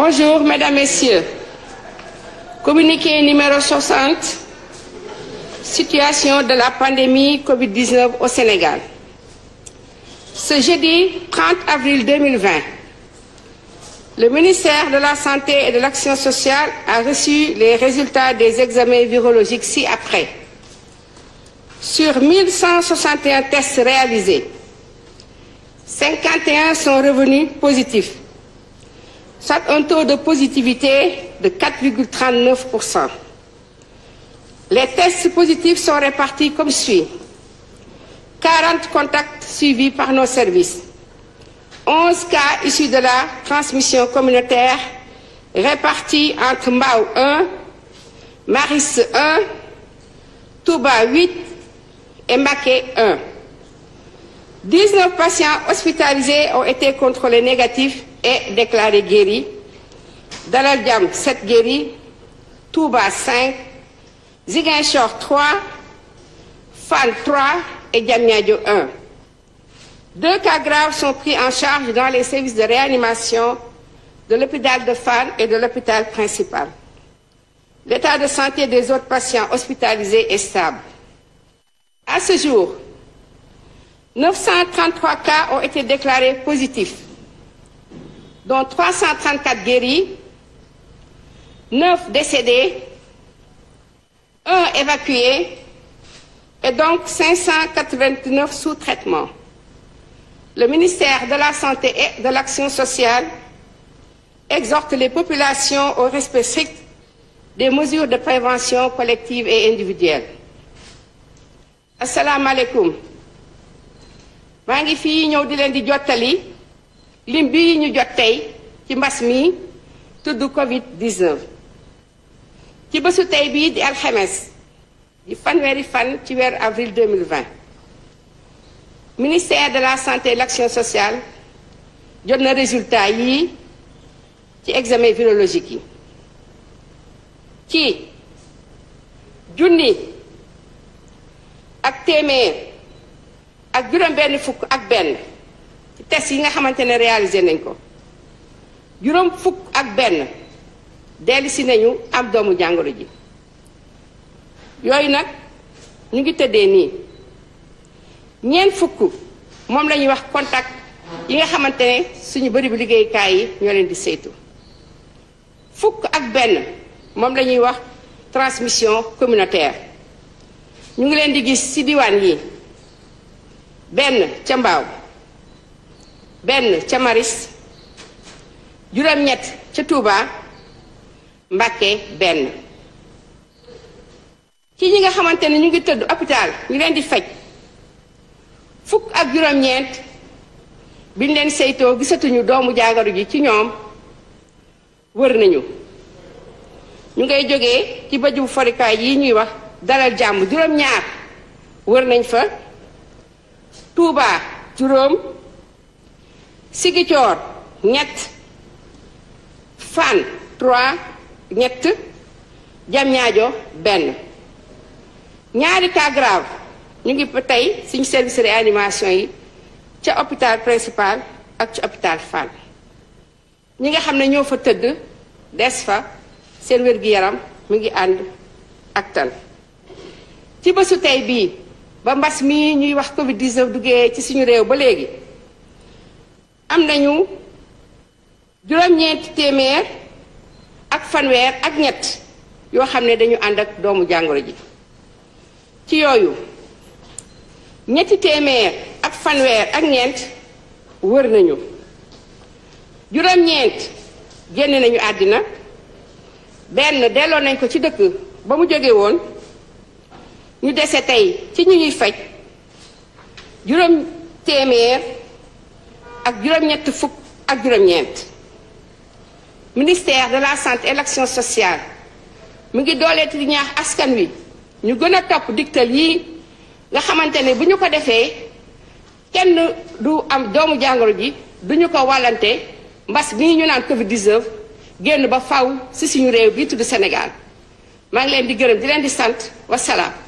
Bonjour, Mesdames, Messieurs. numéro 60, situation de la pandémie COVID-19 au Sénégal. Ce jeudi 30 avril 2020, le ministère de la Santé et de l'Action sociale a les résultats des examens virologiques ci-après. Sur 1161 tests réalisés, 51 sont revenus positifs soit un taux de positivité de 4,39%. Les tests positifs sont répartis comme suit. 40 contacts suivis par nos services. 11 cas issus de la transmission communautaire répartis entre Mbao 1, Maris 1, Touba 8 et Maquet 1. 19 patients hospitalisés ont été contrôlés négatifs est déclaré guéri Dalal Jamm 7 Touba 5 Ziguinchor 3 et Diamniadio 1 deux cas en charge dans les services de réanimation de l'hôpital de Fann principal l'état de des autres patients hospitalisés est stable dont 334 guéris, 9 décédés, 1 évacué et donc 589 sous traitement. Le ministère de la Santé sociale exhorte les populations au respect strict des mesures de prévention collective et individuelle. asalaamaaleykum maa ngi fii ñëw di leen di jottali lim bii ñu jot tey ci mbas mi tudd Covid 19. ci bésu tey bii di alxames di fanweeri fan ci weeru avril 2020 ministère de la santé et de l'action sociale jot na résultat yii ci examen virologique yi ci junni ak téeméer ak juróom benn fukk ak benn test yi nga xamante ne réalisé nañ ko juróom fukk ak benn dellusi nañu am doomu jàngolo ji yooyu nag ñu ngi tëddee nii ñeen fukk moom lañuy wax contact yi nga xamante ne suñu bëri bu liggéeykaay yi ñoo leen di saytu fukk ak benn moom la wax transmission communautaire ñu ngi leen di gis ci diwaan yi benn ca mbaaw benn ca Maris juróom-ñett ca Touba Mbàkke benn ci ñi nga xamante ne ñu ngi tëdd hôpital ñu leen di faj fukk ak juróom-ñeent biñ leen saytoo gisatuñu doomu jàngoro ji ci ñoom wër nañu ñu ngay jóge ci bëju forikaay yi ñuy wax dalal jàmm juróom-ñaar wër nañ fa Touba juróom Sigicoor ñett Fann trois ñett Diamniadio benn ñaari cas ñu ngi ba tey suñu service réanimation yi ca hôpital principal ak ci hôpital Fann ñi nga xam ne ñoo fa tëdd des fa seen wér-gi-yaram mu ngi ànd ak tan ci bésu tey bii ba mbas mi ñuy wax Covid 19 duggee ci suñu réew ba léegi am nañu juróom-ñeenti téeméer ak fanweer ak ñett yoo xam ne dañu ànd ak doomu jàngoro ji ci yooyu ñetti téeméer ak fanweer ak ñeent wër nañu juróom-ñeent génn nañu àddina benn delloo nañ ko ci dëkk ba mu jóge woon ñu dese tey ci ñu ñuy faj juróom téeméer ak juróom-ñett ak juróom-ñeent ministère de la santé et sociale mu ngi dooleeti di ñaax askan wi ñu gën a topp digtal yi nga xamante ne bu ñu ko defee kenn du am doomu jàngoro ji du ñu ko wàllante mbas bi ñu naan Covid génn ba faw si suñu réew bi tudd Sénégal maa ngi leen di gërëm di leen di sant wasalaam.